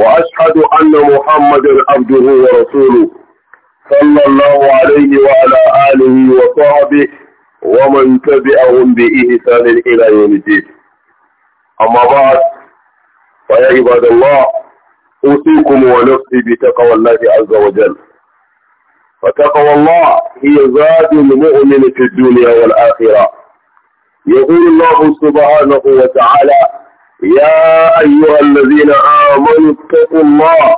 وأشهد أن محمدا عبده ورسوله صلى الله عليه وعلى آله وصحبه ومن تبعهم بإحسان إلى يوم الدين أما بعد فيا عباد الله أوصيكم ونفسي بتقوى الله عز وجل فتقوى الله هي زاد المؤمن في الدنيا والآخرة يقول الله سبحانه وتعالى يا أيها الذين آمنوا من اتقوا الله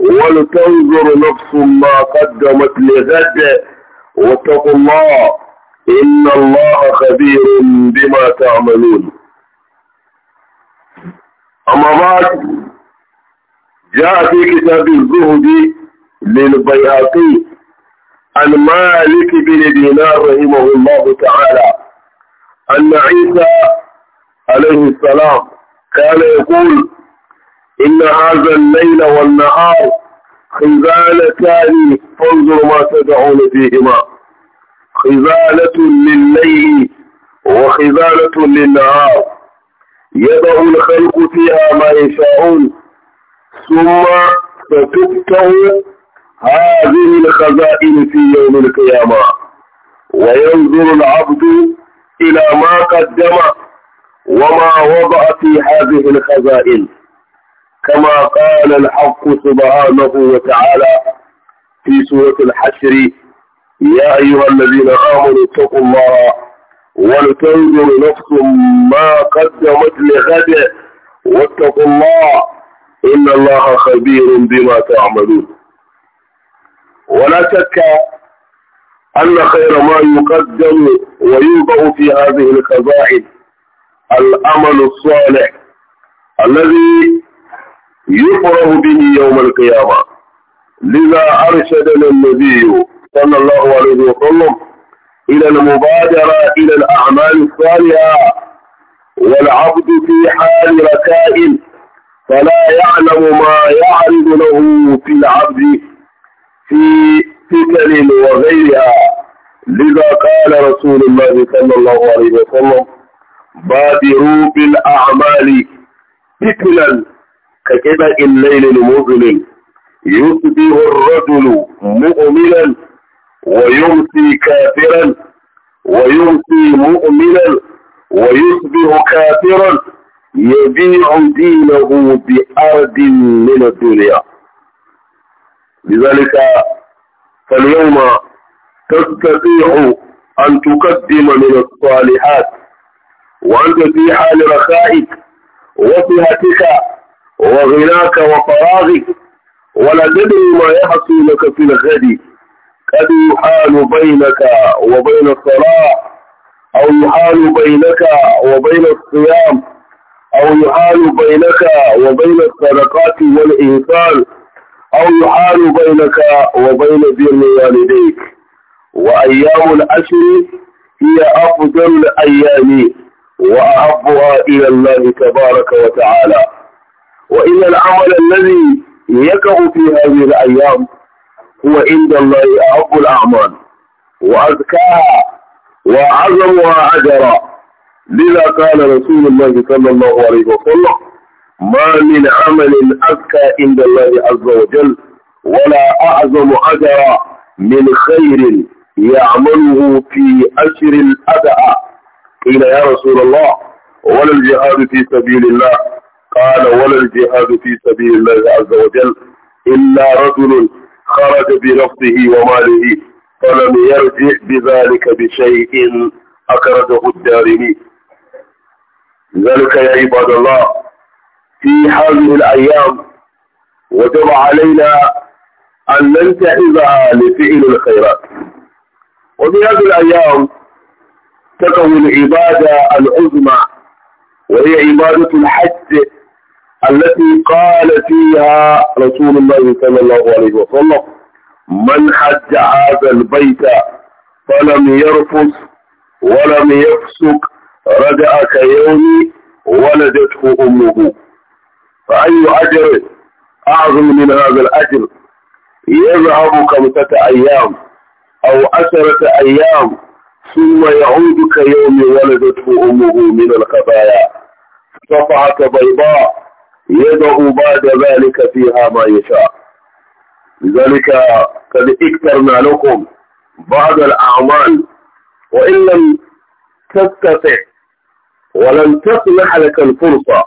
ولتنظر نفس ما قدمت لغد واتقوا الله إن الله خبير بما تعملون أما بعد جاء في كتاب الزهد للبياتي عن مالك بن دينار رحمه الله تعالى أن عيسى عليه السلام كان يقول إن هذا الليل والنهار خزالتان فانظر ما تدعون فيهما خزالة للليل وخزالة للنهار يضع الخلق فيها ما يشاءون ثم ستفتح هذه الخزائن في يوم القيامة وينظر العبد إلى ما قدم وما وضع في هذه الخزائن كما قال الحق سبحانه وتعالى في سورة الحشر يا أيها الذين آمنوا اتقوا الله ولتنظر نفس ما قدمت لغد واتقوا الله إن الله خبير بما تعملون ولا شك أن خير ما يقدم ويوضع في هذه الخزائن الأمل الصالح الذي يفرح به يوم القيامة لذا أرشدنا النبي صلى الله عليه وسلم إلى المبادرة إلى الأعمال الصالحة والعبد في حال ركائل فلا يعلم ما يعرض له في العبد في فتن وغيرها لذا قال رسول الله صلى الله عليه وسلم بادروا بالأعمال فتنا ككدأ الليل المظلم يصبح الرجل مؤمنا ويمسي كافرا ويمسي مؤمنا ويصبح كافرا يبيع دينه بأرض من الدنيا لذلك فاليوم تستطيع أن تقدم من الصالحات وأنت في حال رخائك وصحتك وغناك وفراغك ولا تدري ما يحصل لك في الغد قد يحال بينك وبين الصلاة أو يحال بينك وبين الصيام أو يحال بينك وبين الصدقات والإنسان أو يحال بينك وبين بر والديك وأيام العشر هي أفضل الأيام وأحبها إلى الله تبارك وتعالى وإن العمل الذي يقع في هذه الأيام هو عند الله أعظم الأعمال وأذكاها وأعظمها أجرا لذا قال رسول الله صلى الله عليه وسلم ما من عمل أذكى عند الله عز وجل ولا أعظم أجرا من خير يعمله في أشر الأدعى قيل يا رسول الله ولا الجهاد في سبيل الله قال ولا الجهاد في سبيل الله عز وجل إلا رجل خرج بنفسه وماله فلم يرجع بذلك بشيء أكرده الدارمي لذلك يا عباد الله في هذه الأيام وجب علينا أن ننتهز لفعل الخيرات وفي هذه الأيام تكون العبادة العظمى وهي عبادة الحج التي قال فيها رسول الله صلى الله عليه وسلم من حج هذا البيت فلم يرفض ولم يفسق رجع كيوم ولدته أمه فأي أجر أعظم من هذا الأجر يذهب خمسة أيام أو عشرة أيام ثم يعود كيوم ولدته أمه من الخبايا صفعة بيضاء يضع بعد ذلك فيها ما يشاء لذلك قد اكترنا لكم بعض الأعمال وإن لم تستطع ولم تسمح لك الفرصة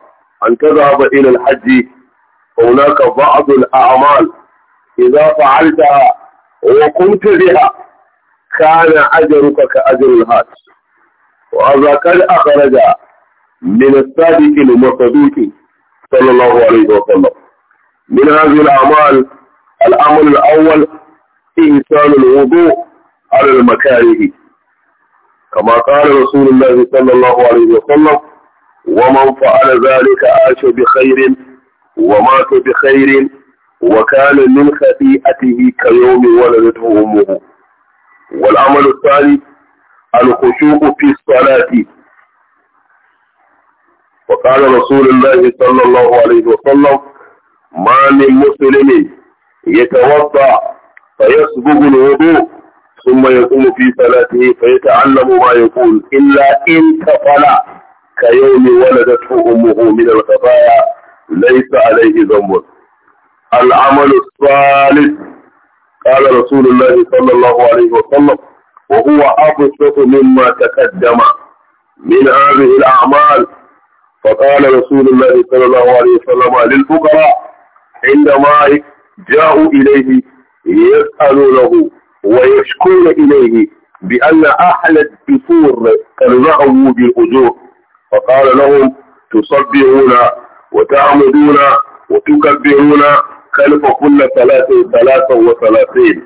أن تذهب إلى الحج هناك بعض الأعمال إذا فعلتها وقمت بها كان أجرك كأجر الهاتف وهذا قد أخرج من السابق المصدوكي صلى الله عليه وسلم من هذه الأعمال الأمر الأول إنسان الوضوء على المكاره كما قال رسول الله صلى الله عليه وسلم ومن فعل ذلك عاش بخير ومات بخير وكان من خطيئته كيوم ولدته أمه والعمل الثاني الخشوع في الصلاة وقال رسول الله صلى الله عليه وسلم ما من مسلم يتوضا فيسبق الوضوء ثم يقوم في صلاته فيتعلم ما يقول إلا إن كفل كيوم ولدته أمه من الخطايا ليس عليه ذنب العمل الصالح قال رسول الله صلى الله عليه وسلم وهو أبسط مما تقدم من هذه الأعمال فقال رسول الله صلى الله عليه وسلم للفقراء عندما جاءوا إليه يسألونه ويشكون إليه بأن أحلى الدفور ترضعوا بالأجور فقال لهم تصبحون وتعمدون وتكبرون خلف كل ثلاث ثلاثة وثلاثين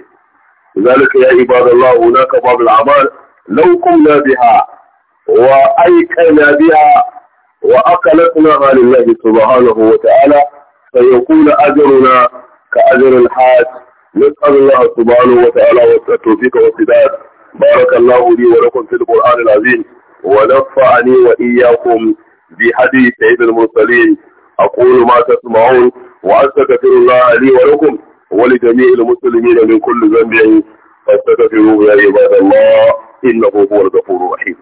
لذلك يا عباد الله هناك بعض الأعمال لو قمنا بها وأيقنا بها وأكلتنا لله سبحانه وتعالى فيكون أجرنا كأجر الحاج نسأل الله سبحانه وتعالى والتوفيق والسداد بارك الله لي ولكم في القرآن العظيم ونفعني وإياكم بحديث سيد المرسلين أقول ما تسمعون وأستغفر الله لي ولكم ولجميع المسلمين من كل ذنب فاستغفروه يا عباد الله إنه هو الغفور الرحيم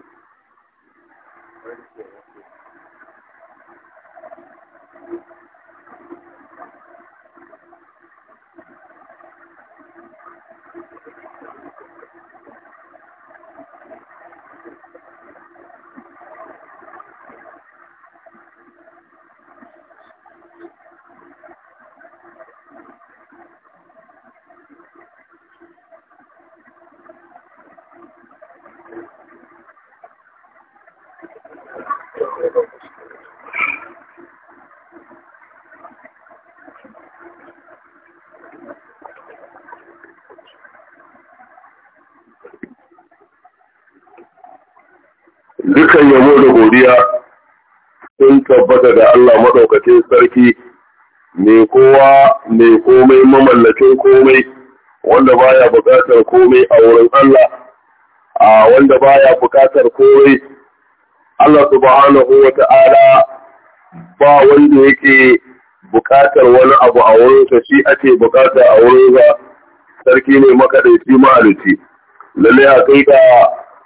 dukan yabo da godiya sun tabbata da Allah maɗaukacin sarki mai kowa mai komai mamallakin komai wanda baya buƙatar komai a wurin Allah a wanda baya buƙatar komai Allah subhanahu wa ta'ala ba wanda yake bukatar wani abu a wurinsa shi ake bukata a wurin wurinsa sarki ne makaɗaici ma'alici lalle a kai ka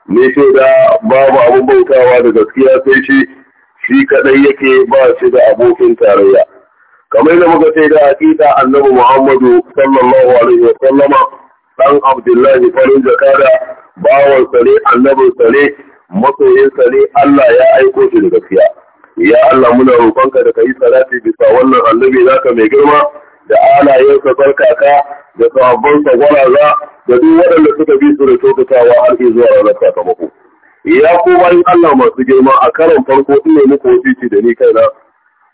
ne ce da babu abin bautawa da gaskiya sai shi shi kaɗai yake ba shi da abokin tarayya kamar da muka sai da hakika annabi muhammadu sallallahu alaihi wa sallama dan abdullahi farin jakada bawan sare annabin sare masoyinsa ne Allah ya aiko shi da gaskiya ya Allah muna roƙonka da ka yi salati bisa wannan annabi naka mai girma da alayensa barkaka da sababbin gwaraza da duk waɗanda suka bi su da kyautatawa har zuwa ranar sakamako ya ku bayan Allah masu girma a karon farko ina muku wasiti da ni kaina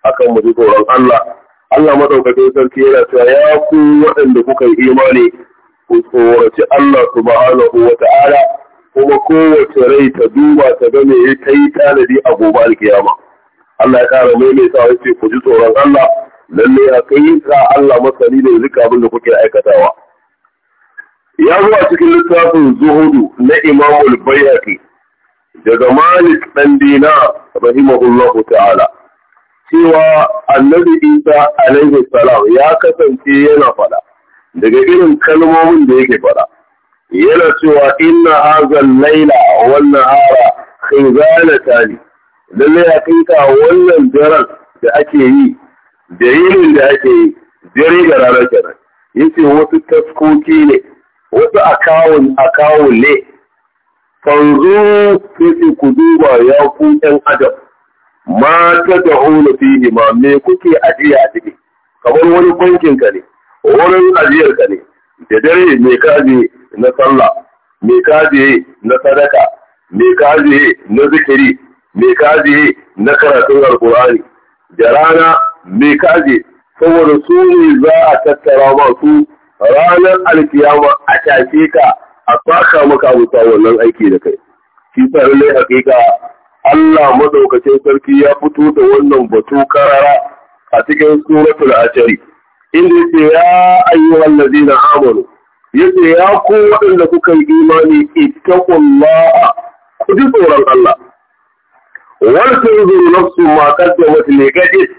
akan mu ji tsoron Allah Allah madaukakin sarki yana cewa ya ku waɗanda kuka yi imani ku tsoraci Allah subhanahu wa ta'ala kuma kowace rai ta duba ta ga me ya kai tanadi a gobe alkiyama Allah ya kara maimaita ya ce ku ji tsoron Allah lalle ka Allah masani ne zika abin da kuke aikatawa ya zo a cikin littafin zuhudu na imamul bayhaqi daga malik dan dina rahimahullah ta'ala cewa annabi isa alaihi salam ya kasance yana faɗa, daga irin kalmomin da yake faɗa. yana cewa inna hazan laila wannan hara khizana tani lalle hakika wannan daren da ake yi da yinin da ake yi dare da ranar kenan yace wasu taskoki ne wasu akawun akawun ne fanzu sai ku duba ya ku ɗan adam ma ta da'una fihi ma me kuke ajiya a ciki kamar wani bankin ka ne Wani ajiyar ka ne da dare me ka ajiye na sallah me ka na sadaka me ka na zikiri me ka na karatun alkur'ani da rana me ka saboda su ne za a tattara masu ranar alkiyama a tashe ka a saka maka wuta wannan aiki da kai shi sa lallai hakika Allah maɗaukacin sarki ya fito da wannan batu karara a cikin suratul ashari inda yake ya ayyuhal ladina amanu Yadda ya ko waɗanda kuka yi imani ittaqullaha ku ji tsoron Allah Wani wal tanzuru nafsu ma qaddamat li gadid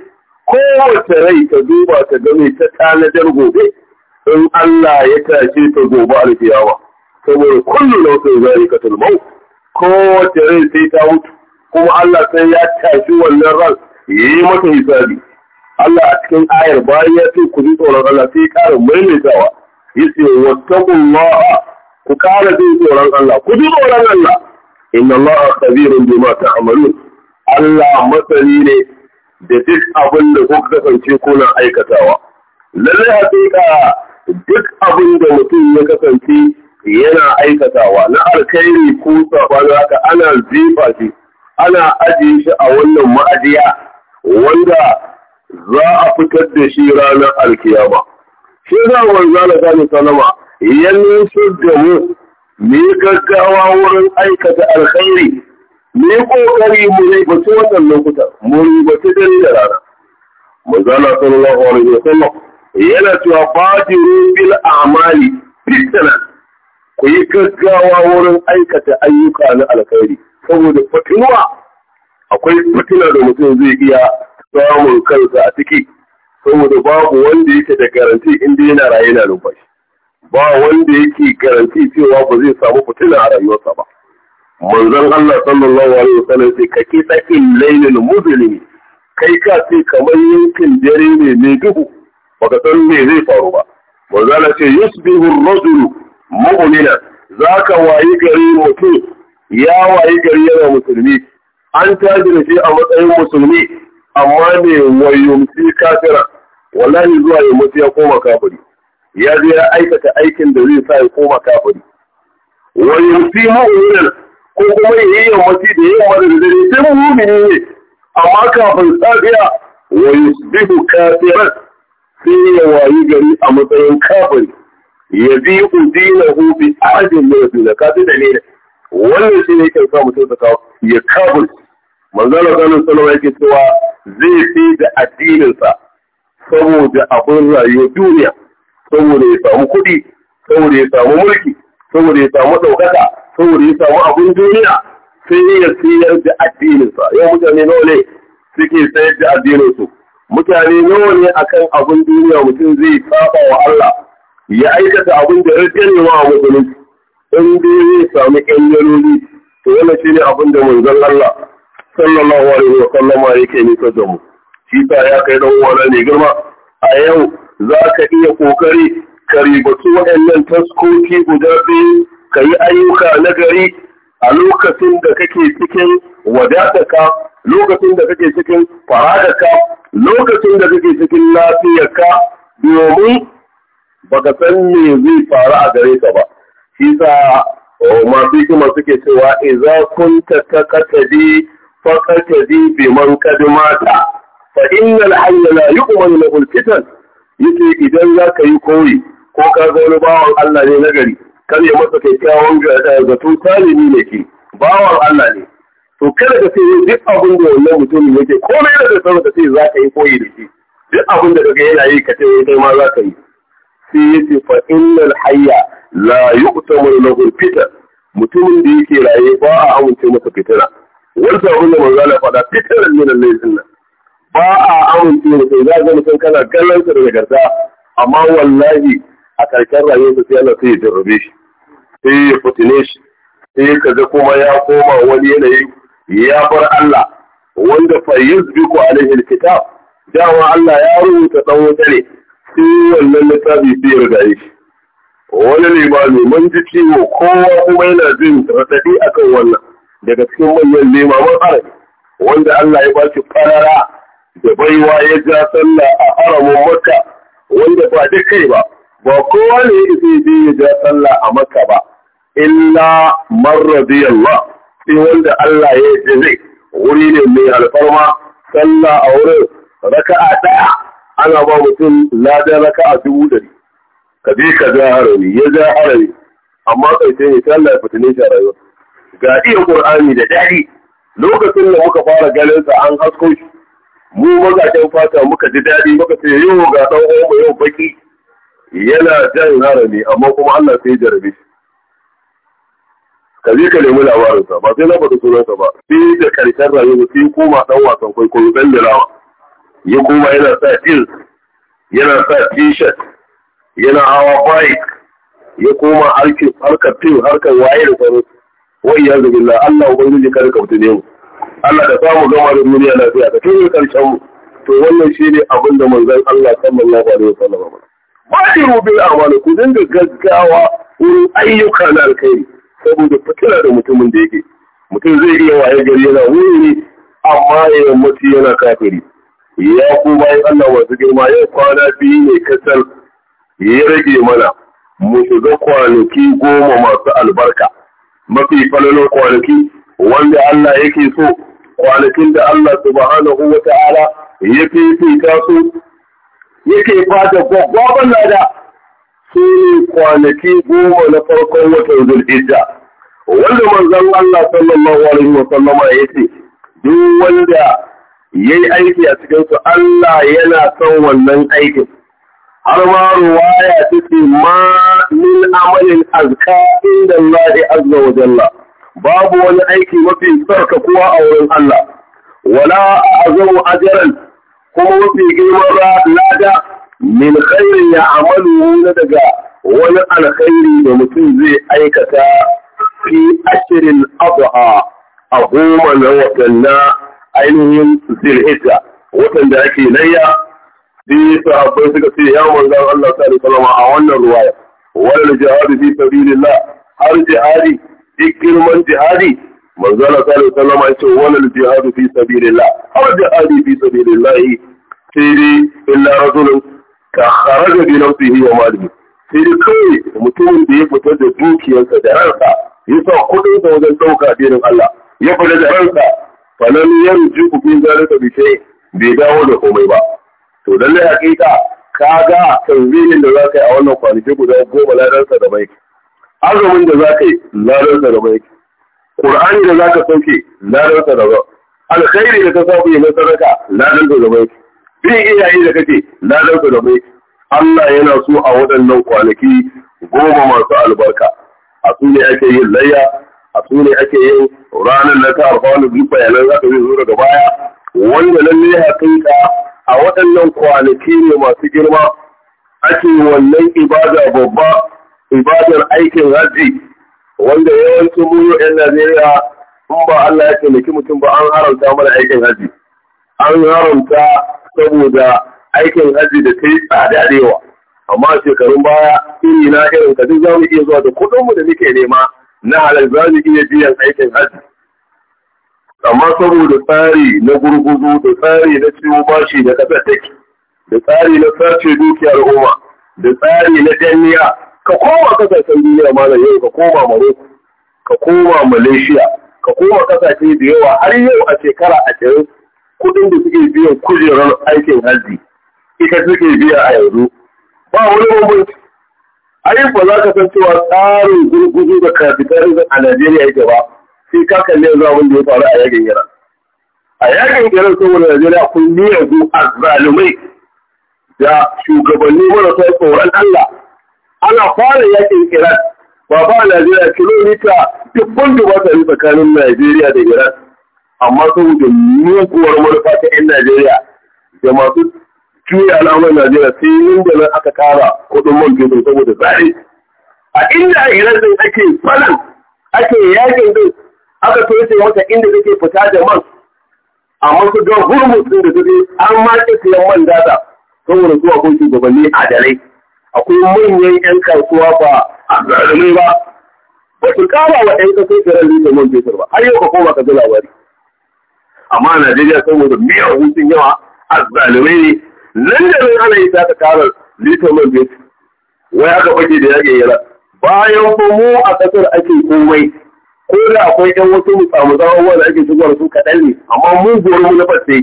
kowace rai ta duba ta game ta tanadar gobe in Allah ya tashe ta gobe alfiyawa saboda kullu nafsin ka maut kowace rai sai ta mutu kuma Allah sai ya tashi wannan ran yi mata hisabi Allah a cikin ayar bayan ya ce ku ji tsoron Allah sai ƙara maimaitawa yace wattaqullaha ku kare jin tsoron Allah ku ji tsoron Allah inna Allah khabirun bima ta'malun Allah masani ne da duk abin da kuka kasance kuna aikatawa lalle hakika duk abin da mutum ya kasance yana aikatawa na alkhairi ko sabanin haka ana zifa shi ana ajiye shi a wannan ma'ajiya wanda za a fitar da shi ranar alkiyama shi da wanzu manzala sani salama ya nusar da mu mu gaggawa wurin aikata alkhairi mu yi kokari mu ribaci wannan lokuta mu su dare da rana manzala sallallahu alaihi wasallam yana cewa fadiru bil a'mali fitna ku yi gaggawa wurin aikata ayyuka na alkhairi saboda fitinuwa akwai fitina da mutum zai iya samun kansa a ciki saboda babu wanda yake da garanti inda yana raye na numfashi ba wanda yake garanti cewa ba zai samu fitina a rayuwarsa ba manzon Allah sallallahu alaihi wasallam sai kake tsakin lailin muzlimi kai ka ce kamar yankin dare ne mai duhu baka san me zai faru ba manzon ce yusbihu ar-rajulu mu'mina zaka wayi gari mutum ya wayi gari yana musulmi an tashi shi a matsayin musulmi amma ne wayumci kafira wallahi zuwa ya mutu ya koma kafiri ya je ya aikata aikin da zai sa ya koma kafiri wa yusimu ilal ko kuma yi yammaci da da dare sai mu'mini ne amma kafin safiya, wa yusbihu kafiran sai ya wayi gari a matsayin kafiri ya bi udinahu bi ajin min da kafin da ne wannan shi ne yake sa mutum ta kawo ya kafin. manzo sanin sallallahu yake cewa zai fi da addininsa saboda abin rayuwar duniya saboda ya samu kuɗi saboda ya samu mulki saboda ya samu ɗaukaka saboda ya samu abin duniya sai ya sayar da addininsa yau mutane nawa ne suke sayar da addininsu mutane nawa ne akan abin duniya mutum zai saba wa Allah ya aikata abin da rikini wa musulunci in dai zai samu ƴan yaroli to wannan shine abin da manzon Allah sallallahu alaihi wa sallama yake nisa da mu shi sa ya kai dan wani ne girma a yau za ka iya kokari ka ribatu waɗannan taskoki guda biyu ka yi ayyuka na gari a lokacin da kake cikin wadataka lokacin da kake cikin faradaka lokacin da kake cikin lafiyarka domin baka san me zai faru a gare ka ba shi sa eh, masu hikima suke cewa idza kunta takatadi faqatadi biman kadimata? fa innal hayya la yu'manu lahu fitan idan za ka yi koyi ko ka ga wani bawan Allah ne nagari kar ya masa kyakkyawan eh, zato talimi ne ke bawan Allah ne to kada ka sai duk abin da wannan mutumin yake komai da sauran da sai za ka yi koyi da shi duk abin da kaga yana yi ka ce kai ma za ka yi sai yace fa innal hayya la yu'tamu lahu fitan mutumin da yake raye ba a amince masa fitina wanda abin da manzo Allah faɗa fitanan ne nan ne ba a amince da kai za ga mutum kana kallon su da nagarta amma wallahi a karshen rayuwarsa sai Allah sai ya jarrabe shi sai ya fitine shi sai kaga kuma ya koma wani yanayi ya bar Allah wanda fa yuzbiku alaihi alkitab dawa Allah ya rubuta dan wuta ne sai wannan littafi sai ya rigaye shi wani limami mun ji ciwo kowa kuma yana jin raɗaɗi akan wannan daga cikin manyan limaman arabi wanda Allah ya ba shi farara da baiwa ya ja sallah a haramun makka wanda ba da kai ba ba kowa ne zai je ya ja sallah a makka ba illa man radiyallah sai wanda Allah ya yi zai wuri ne mai alfarma sallah a wurin raka'a daya ana ba mutum ladan raka'a dubu dari ka je ka ja harami ya ja harami amma kai sai ta ya fitine shi a rayuwa ga iya Qur'ani da dadi lokacin da muka fara ganin an hasko mu mazajen fata muka ji daɗi muka ce yau ga ɗan uwanmu yau baki yana jan harami amma kuma Allah sai jarabe shi ka je ka nemi labarinsa ba sai na faɗi sunansa ba sai da karshen rayuwa sai koma ɗan wasan kwaikwayo ɗan dirawa ya koma yana sa jeans yana sa t-shirt yana hawa bike ya koma harkar fim harkar waye da sauransu wai ya zubin Allah ubangiji ka rika mutu ne mu Allah da samu gama da duniya lafiya da yi karshen mu to wannan shi ne abin da manzan Allah da ya wasallam ba bashiru bil a'mal ku dinga gaggawa wurin ayyuka na alkhairi saboda fitila da mutumin da yake mutum zai iya waye gari yana wuri amma ya mutu yana kafiri ya ku bayan Allah wasu girma yau kwana biyu ne kasar ya rage mana mu shiga kwanaki goma masu albarka mafi falalar kwanaki wanda Allah yake so kwanakin da Allah subhanahu wa ta'ala ya fifita su yake fata gwagwaban lada su kwanaki goma na farkon watan zulhijja wanda manzon Allah sallallahu alaihi wa sallama ya ce duk wanda ya yi aiki a cikinsu Allah yana son wannan aikin har ma ruwaya ta ce ma min amalin azka inda Allah azza wa jalla babu wani aiki mafi kuwa a wurin Allah wala azamu ajran kuma mafi girman lada min khairin ya amalu na daga wani alkhairi da mutum zai aikata fi ashirin adha a goma na watan ainihin zilhijja watan da ake layya sai sahabbai suka ce ya manzon Allah sallallahu alaihi wasallam a wannan ruwaya wal jihadu fi sabilillah har jihadi duk girman jihadi manzo Allah sallallahu alaihi wasallam ya ce wal jihadu fi sabilillah aw jihadi fi sabilillah sai illa rajulun ka kharaja bi nafsihi wa malihi sai kai mutumin da ya fita da dukiyarsa da ransa ya sa kudin sa wajen dauka dinin Allah ya fita da ransa falan yarju ku zalika bi shay bai dawo da komai ba to lalle hakika kaga tanzilin da za a wannan kwanaki guda goma ladansa da bai azumin da za ka yi larar da rabai Qur'ani da za ka sauke larar da rabai alkhairi da ka sauke na sadaka larar da rabai bin iyaye da kake larar da rabai Allah yana so a waɗannan kwanaki goma masu albarka a su ne ake yin layya a su ne ake yin ranar na ta alfanu biyu bayanan za ka zai zo daga baya wanda lalle haƙiƙa a waɗannan kwanaki ne masu girma ake wannan ibada babba ibadar aikin hajji wanda yawancin mu yan Najeriya in ba Allah ya taimaki mutum ba an haramta mana aikin hajji an haramta saboda aikin hajji da ta yi tsada da yawa amma shekarun baya iri na irin ka za mu iya zuwa da kuɗin mu da muke nema na halal za mu iya biyan aikin hajji amma saboda tsari na gurguzu da tsari na ciwo bashi da ƙasar take da tsari na sace dukiyar umma da tsari na danniya ka koma kasashen duniya ma yau ka koma Morocco ka koma Malaysia ka koma kasashe da yawa har yau a shekara cikin kuɗin da suke biyan kujerar aikin hajji ita suke biya a yanzu ba wani bambanci ai ba za ka san cewa tsarin gurguzu da capitalism a Najeriya yake ba sai ka kalli yanzu abin da ya faru a yakin Iran a yakin Iran saboda Najeriya kun zuwa azzalumai da shugabanni marasa tsoron Allah ana fara yakin Iran ba ba Najeriya kilomita dubban da wata tsakanin Najeriya da Iran amma saboda muguwar manufa ta 'yan Najeriya da masu juya alamar Najeriya sai da nan aka kara kuɗin man fetur saboda tsari a inda Iran din ake falan ake yakin din aka toshe mata inda take fita da man amma su ga hurmus din da take an ma ke man data saboda zuwa kun shugabanni adalai akwai manyan 'yan kasuwa ba a zalimai ba ba su kama wa 'yan kasuwa tsirar litar man fetur ba har yau ka koma ka zula labari amma Najeriya saboda miyar hutun yawa a zalimai ne nan da nan ana yi ta ta karar litar man fetur wai aka fage da yake yara bayan ba mu a kasar ake komai ko da akwai ƴan wasu mutsamutsawa wanda ake shigar su kaɗan ne amma mu goro mu na fasai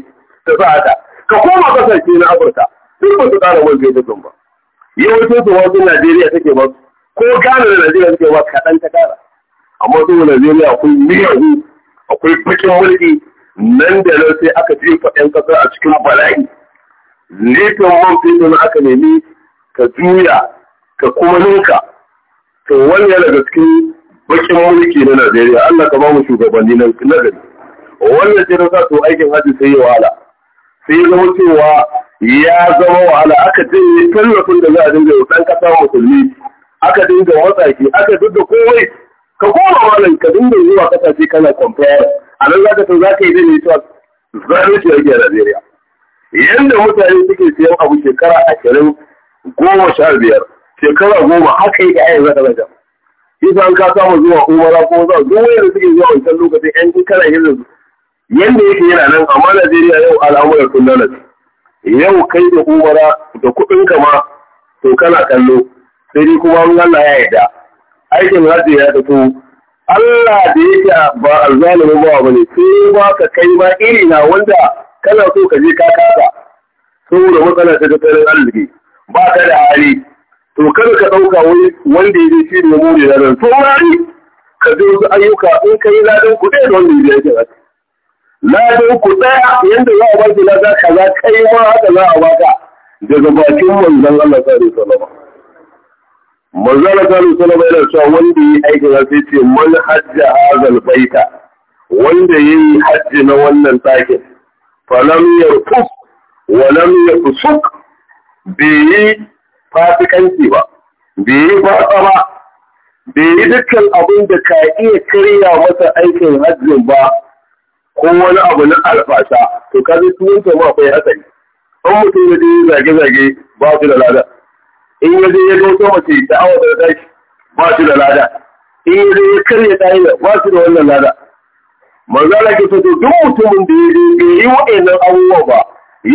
ta sa haka ka koma kasashe na Afirka duk ba su ƙara man fetur ba yawancin su wasu Najeriya take ba ko Ghana da Najeriya suke ba kaɗan ta kara amma su Najeriya akwai miyagu akwai bakin mulki nan da nan sai aka jefa 'yan ƙasa a cikin bala'i Nefin man na aka nemi ka juya ka kuma ninka to wani yana daga cikin bakin mulki na Najeriya Allah ka ba mu shugabanni na nagari wannan ce na sa to aikin hajji sai ya wahala sai ya zama cewa ya zama wahala aka ce tallafin da za a dinga yautan kasa musulmi aka dinga watsaki aka duk da kowai ka kowa malam ka dinga zuwa kasashe kana compare a nan za ka san za ka yi da network shi yake a Najeriya yanda mutane suke siyan abu shekara ashirin goma sha biyar shekara goma haka yi da ayin zaka zaka isa an ka mu zuwa umara ko zuwa duk wanda suke zuwa wancan lokacin yan kana hirin yanda yake yana nan amma Najeriya yau al'amuran sun lalace yau kai da umara da kuɗin kama to kana kallo sai dai kuma an Allah ya yarda aikin hajji ya tafi Allah da yake ba alzalimin ba ne, sai ba ka kai ba iri na wanda kana so ka je ka kasa saboda matsala ta tare arziki ba ka da hali to kada ka ɗauka wanda ya shi ne more da ran to ka je wasu ayyuka in ka yi ladan kuɗi da wanda ya je Na ladar ku ɗaya yadda za a ba ki lada kaza kai ma haka za a ba ka daga bakin manzon Allah sallallahu alaihi wasallam manzon Allah sallallahu alaihi wasallam yana cewa wanda yi aikin za sai ce man hajja hazal baita wanda yi hajji na wannan takin falam yarfus wa lam yafsuk bai yi fasikanci ba bai yi fasa ba bai yi dukkan abin da ka iya karya masa aikin hajjin ba ko wani abu na alfasa to ka zai tuwon mu akwai hatsari an mutum ya je zage-zage ba su da lada in ya je ya ga wata mace ta awa da tashi ba su da lada in ya je ya karya yi ba su da wannan lada manzo Allah ke so duk mutumin da ya je yi yi wa'annan abubuwa ba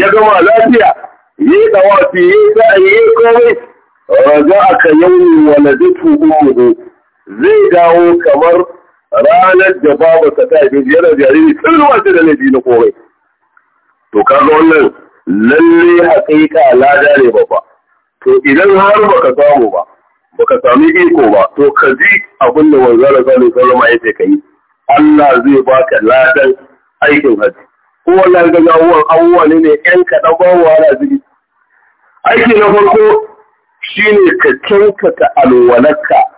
ya gama lafiya yi dawafi yi sa'ayi ya yi komai raja aka yau ne waladatu ummuhu zai dawo kamar ranar da babu ka ta biyar da jariri sun shi da laifi na komai to ka ga wannan lalle haƙiƙa lada ne babba to idan har baka samu ba baka samu iko ba to ka ji abin da wanzu da ya ce ka Allah zai baka ladan aikin hajji ko wallahi ga gawuwan abubuwa ne ne ƴan kaɗan ba wahala jiki aiki na farko shine ka ka alwalaka.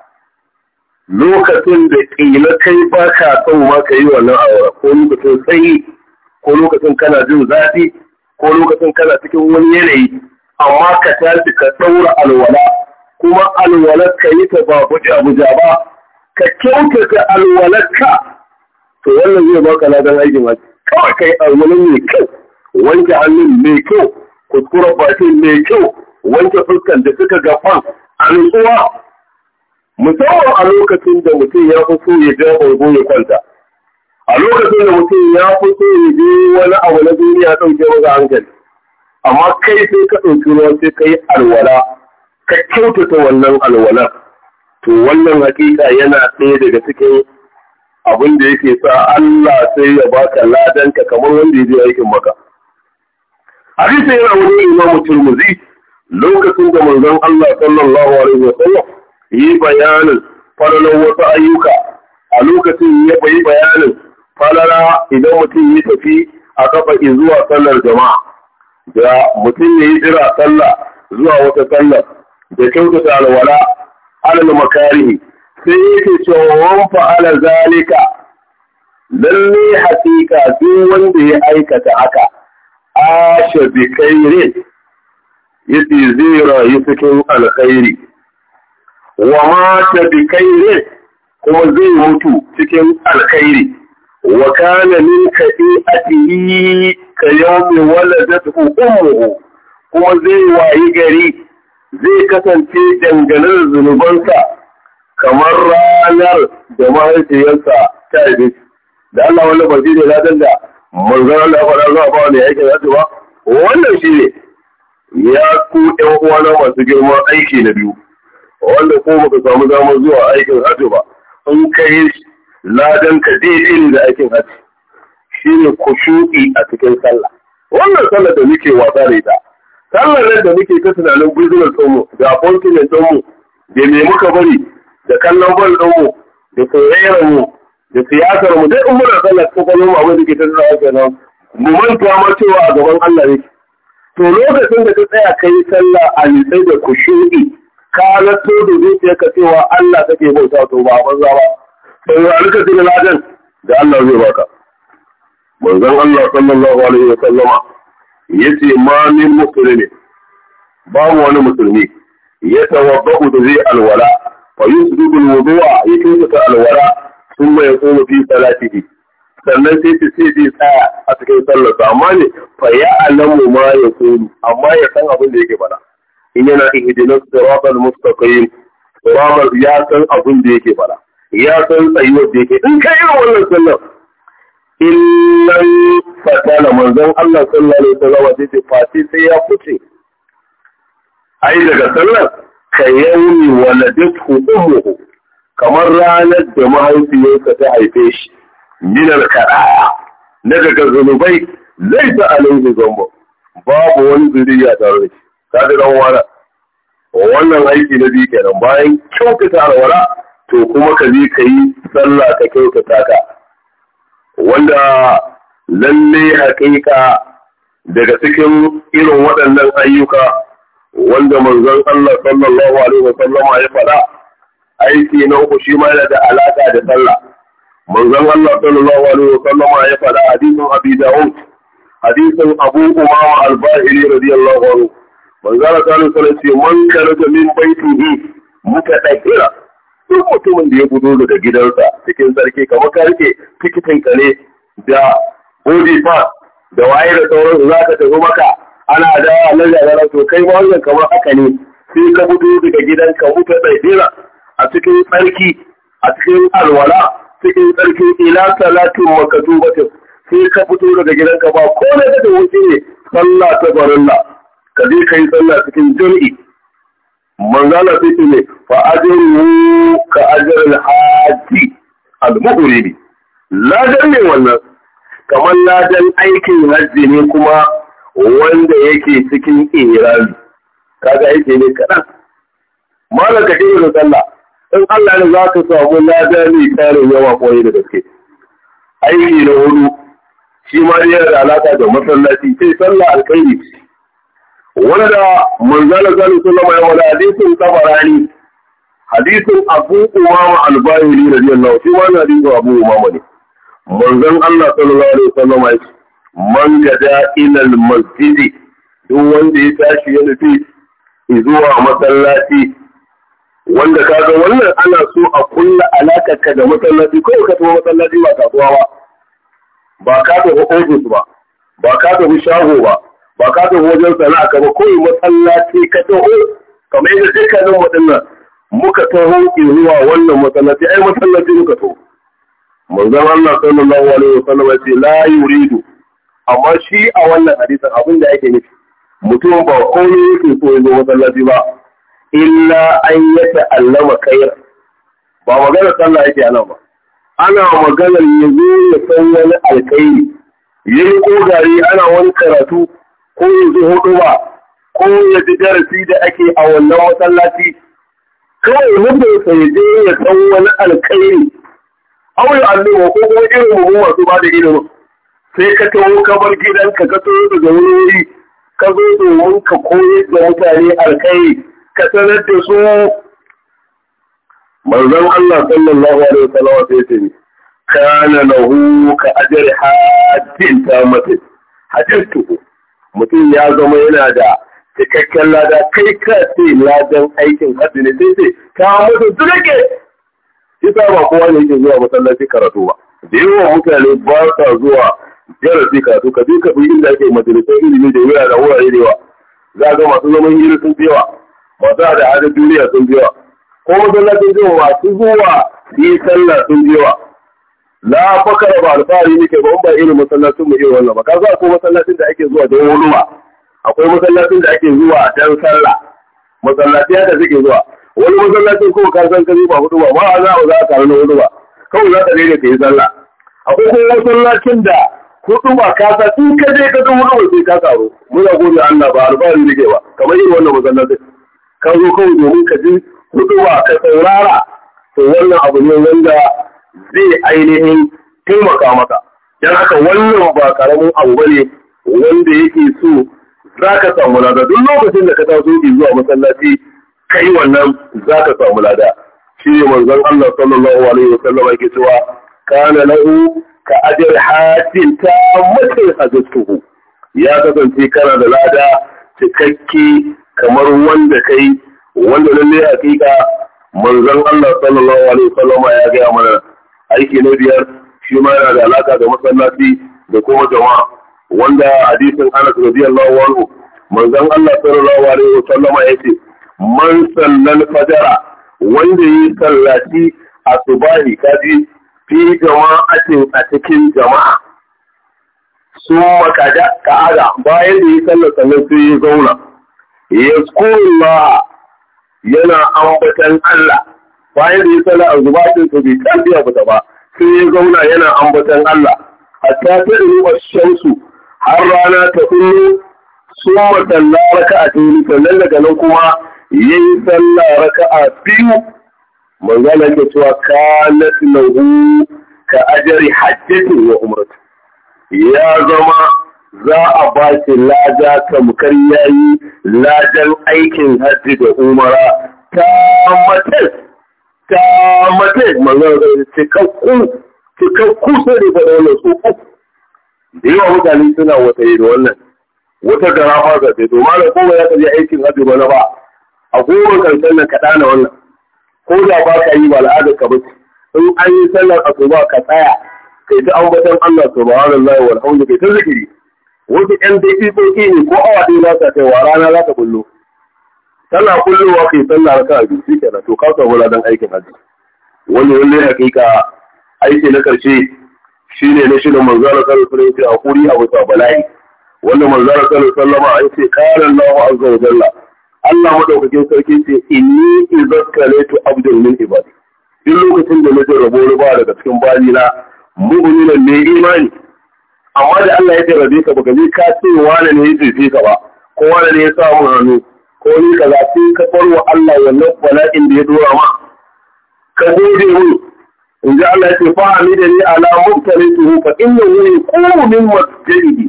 lokacin da ƙila kai ba ka son ma ka yi wannan awara ko lokacin sanyi ko lokacin kana jin zafi ko lokacin kana cikin wani yanayi amma ka tashi ka ɗaura alwala kuma alwalar ka yi ta ba buja-buja ba ka kyautata alwalar ka to wannan zai baka ladan aiki ma kawai ka yi alwalar mai kyau wanke hannun mai kyau kuskuren bakin mai kyau wanke fuskan da suka gaban alwala musamman a lokacin da mutum ya fi so ya je ya kwanta a lokacin da mutum ya fi so ya je wani abu na duniya ɗauke maka hankali amma kai sai ka ɗauki ruwa sai ka yi alwala ka kyautata wannan alwalar to wannan hakika yana ɗaya daga cikin abin da yake sa Allah sai ya baka ladanka kamar wanda ya je aikin maka hadisi yana wani imamu turmuzi lokacin da manzon Allah sallallahu alaihi wa sallam yi bayanin falalar wasu ayyuka a lokacin ya bayi bayanin falala idan mutum ya tafi a kafa zuwa sallar jama'a da mutum ya yi jira sallah zuwa wata sallar da kyautata alwala alal makarihi sai yake cewa wan fa'ala zalika lalle hakika duk wanda ya aikata haka asha bi khairin yace zai rayu cikin alkhairi wa mata bi ne kuma zai mutu cikin alkhairi wa kana min kai'atihi ka yawmi waladatu ummuhu kuma zai wayi gari zai kasance dangalar zunubansa kamar ranar da mahaifiyarsa ta yi da Allah ba barci ne na danda manzon Allah ya da zuwa ba wani yake za ba wannan shi ne ya ku ɗan uwana masu girman aiki na biyu wanda ko baka samu damar zuwa aikin hajji ba in kai ladan ka daidai da aikin hajji shine shuɗi a cikin sallah wannan sallah da muke wasa da ita sallah nan da muke ta tunanin gudunar tsomo da abokin tsomo da me muka bari da kallon bal tsomo da soyayyar mu da siyasar mu dai in muna sallah ko kuma mu abin da ke ta tunawa nan mu manta ma cewa a gaban Allah ne to lokacin da ka tsaya kai sallah a nisai da ku shuɗi. ka da zuciya ka cewa Allah kake bauta to ba banza ba sai ya rika cikin ladan da Allah zai baka manzon Allah sallallahu alaihi wa sallama yace ma min Ba babu wani musulmi ya tawabba'u da zai alwala fa yusbidu alwudu'a ya ta alwala thumma yaqumu fi salatihi sannan sai ta ce zai tsaya a cikin sallar amma ne fa ya alamu ma ya amma ya san abin da yake faɗa. in yana ihdinas siratal mustaqim siratal ya san abin da yake fara ya san tsayuwar da yake in kai irin wannan sallar illan fatala manzon Allah sallallahu alaihi wasallam sai ce fati sai ya fice ai daga sallar ka yawmi waladatu ummuhu kamar ranar da mahaifiyarsa ta haife shi minar karaya na daga zunubai zai ta alaihi zamba babu wani zuriya tare da shi ta da dan wala wannan aiki na biyu kenan bayan kyautata wala to kuma ka je ka yi sallah ka kyautata ka wanda lalle hakika daga cikin irin waɗannan ayyuka wanda manzon Allah sallallahu alaihi wasallama ya faɗa aiki na uku shi ma yana da alaka da sallah manzon Allah sallallahu alaihi wasallama ya faɗa hadisin Abi Dawud hadisin Abu Umama Al-Bahili radiyallahu anhu manzara ta nufin ce man karata min baitihi muka ɗakira duk mutumin da ya gudu daga gidansa cikin sarki kamar ka rike tikitin ka da body part da waye da sauransu za ka tafi maka ana da dawa na jagara to kai ma wannan kamar haka ne sai ka gudu daga gidanka muka ɗakira a cikin tsarki a cikin alwala cikin sarki ila salatin makatubatin sai ka fito daga gidanka ba ko da kake wuce ne sallah ta barilla ka je ka yi sallah cikin jam'i manzala sai ce ne fa ajiru ka ajrul haji al-muhrimi ladan ne wannan kamar ladan aikin hajji ne kuma wanda yake cikin irani kaga aiki ne kaɗan malam ka ce da sallah in Allah ne za ka samu lada ne tare yawa kwaye da gaske aiki na hudu shi ma yana da alaka da masallaci sai sallah alkhairi wanda manzala zalin zama ya wani hadisun tabarani hadisun abu umama albayiri radiyallahu shi wani hadisun abu umama ne manzan Allah sallallahu alaihi wasallam ya man gada ila almasjid duk wanda ya tashi ya nufi zuwa masallaci wanda ka ga wannan ana so a kulla alakar ka da masallaci ko ka tafi masallaci ba kasuwa ba ba ka tafi ofis ba ba ka tafi shago ba ba ka zo wajen sana'a ka ba kawai masallaci ka taho kamar yadda dukkanin waɗannan muka taho zuwa wannan masallaci ai masallaci muka taho manzon Allah sallallahu alaihi sallam ya ce la yuridu amma shi a wannan hadisin abin da ake nufi mutum ba komai yake so ya zo masallaci ba illa an ya ta'allama khair ba magana sallah yake a nan ba ana maganar ya zo ya san wani alkhairi Yin kogari ana wani karatu ko ya ji hudu ba ko ya ji darasi da ake a wannan masallaci kawai mutum sai je ya san wani alkhairi aure alluma ko kuma irin mu masu ba da ilimin sai ka taho ka bar gidanka ka taho daga wuri ka zo domin ka koyi da mutane alkhairi ka sanar da su manzon Allah sallallahu alaihi wasallam sai ce kana lahu ka ajri hajjin ta mace hajjatuhu mutum ya zama yana da cikakken lada kai ka ce ladan aikin hajji ne sai ce ka mutu zurage shi sa ba kowa ne yake zuwa masallaci karatu ba da yawa mutane ba sa zuwa darasi karatu ka je ka bi inda ake majalisar ilimi da wurare da wurare da yawa za ga masu zaman hira sun fi yawa masu da adadin duniya sun fi yawa ko masallacin jiwa masu zuwa yi sallah sun fi yawa la fakara ba alfahari nake ba ba irin masallacin mu irin wannan ba ka akwai masallacin da ake zuwa don wuluma akwai masallacin da ake zuwa don sallah masallaci da suke zuwa wani masallacin kuma ka san kaji ba hudu ba ba za a za a rana hudu ba kawai za ka daina ka yi sallah akwai kuma masallacin da hudu ba ka san in ka je ka ga hudu ba sai ka karo muna gode Allah ba ne ke ba kamar irin wannan masallacin ka zo kawai domin ka ji hudu ba ka saurara to wannan abu ne wanda zai ainihin taimaka maka don haka wannan ba karamin abu bane wanda yake so za ka samu lada duk lokacin da ka taso zuwa masallaci kai wannan za ka samu lada shi ne manzon Allah sallallahu alaihi wa sallam yake cewa kana lahu ka ajr hatin ta mutai hajjatuhu ya kasance kana da lada cikakke kamar wanda kai wanda lalle hakika manzon Allah sallallahu alaihi wa sallama ya gaya mana aiki na biyar shi ma yana da alaka da masallaci da kuma jama'a wanda hadisin Anas radiyallahu anhu manzon Allah sallallahu alaihi ya yace man sallal fajara wanda yi sallaci asubahi kaji fi jama'atin a cikin jama'a su makaja ka'ada bayan da yi sallar sannan sai ya zauna yazkurullah yana ambatan Allah bayan da ya sala a zuba din to bai tarbiya ba ba sai ya zauna yana ambatan Allah tafi ta ruwa shansu, har rana ta kullu summa salla raka a tuni sannan daga nan kuma ya yayi salla raka'a biyu manzo da cewa cewa kanat lahu ka ajari hajjatin wa umarta ya zama za a ba shi lada tamkar yayi ladan aikin hajji da umara ta matas ta mace ce sai cikakku cikakku sai da faɗa wannan tsofu da yawa mutane suna wata yi da wannan wata gara fasa ce to malam ko ba ya kaje aikin hajji ba na ba a goma karshen nan kaɗa wannan ko da ba ka yi ba al'adar ka bace in an yi sallar asuba ka tsaya kai ta ambatan Allah subhanallahi walhamdu kai ta zikiri wasu ƴan daƙiƙoƙi ne ko awa ɗaya za ta kai wa rana za ta bullo tana kullowa kai sallah raka'a biyu shi kenan to ka samu ladan aikin hajji wani wani hakika aiki na karshe shine na shirin manzara sallallahu alaihi wasallam a kuri a wasu bala'i wanda manzara sallallahu alaihi wasallam an ce qala Allahu azza wa jalla Allah madaukakin sarki ce inni izakkalatu abdul min ibadi duk lokacin da naje rabo ba daga cikin bani na mu'minan ne imani amma da Allah ya rabe ka baka ne ka ce wani ne ya jefe ka ba ko wani ne ya samu hannu ko ni kaza ka bar wa Allah wannan bala'in da ya dora ma ka gode mu in ji Allah ya ce fa ni ala mubtalituhu fa innahu yaqumu min masjidi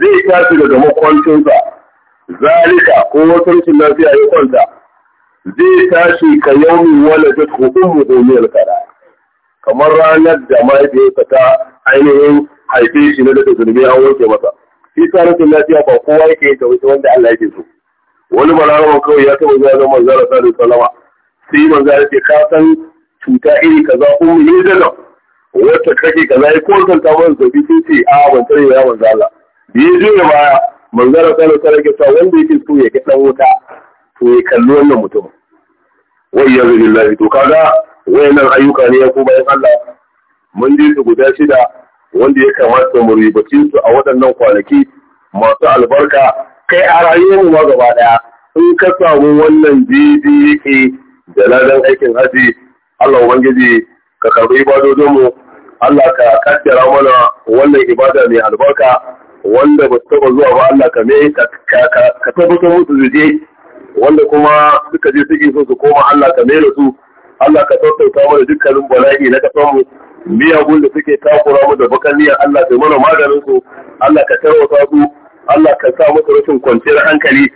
zai tashi daga sa zalika ko wata lafiya ya kwanta zai tashi ka yaumi wala ta hukun ni kara kamar ranar da mahaifiyarsa ta ainihin haife shi na daga zurbi an wanke masa shi tsarin lafiya ba kowa yake ta wanda Allah yake so wani balarama kawai ya taɓa zuwa zama zara sa da salama sai yi ya ce ka san cuta iri kaza ummu ne da nan wata kake kaza ya kontanta mana zabi sai ce a ban tare ya manzo da ya je baya manzo Allah sallallahu alaihi wasallam wanda yake so ya ga wuta to ya kalli wannan mutum wai ya billahi to kaga wayannan ayyuka ne ya ko bayan Allah mun je su guda shida wanda ya kamata mu ribace su a waɗannan kwanaki masu albarka kai a rayuwar mu gaba daya in ka samu wannan daidai yake da ladan aikin haji Allah ubangiji ka karbi ibadodin mu Allah ka kaddara mana wannan ibada mai albarka wanda ba su taba zuwa ba Allah ka mai ka tabbatar musu su wanda kuma suka je suke so su koma Allah ka mai da su Allah ka tattauta mana dukkanin bala'i na kasan mu miyagun da suke takura mu da bakaniyar Allah ka mana maganin su Allah ka tarwata su Allah ka sa masu rashin kwanciyar hankali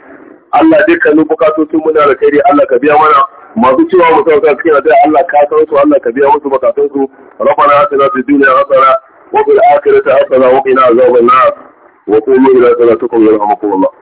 Allah dukkanin bukatocin mu da alkhairi Allah ka biya mana masu cewa mu sauka cikin addu'a Allah ka san su Allah ka biya musu bukatun su rabbana atina fid dunya hasana wa fil akhirati hasana wa qina azaban nar wa qul inna salatukum yarhamukum Allah